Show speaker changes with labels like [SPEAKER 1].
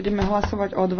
[SPEAKER 1] Budeme hlasovať o 2.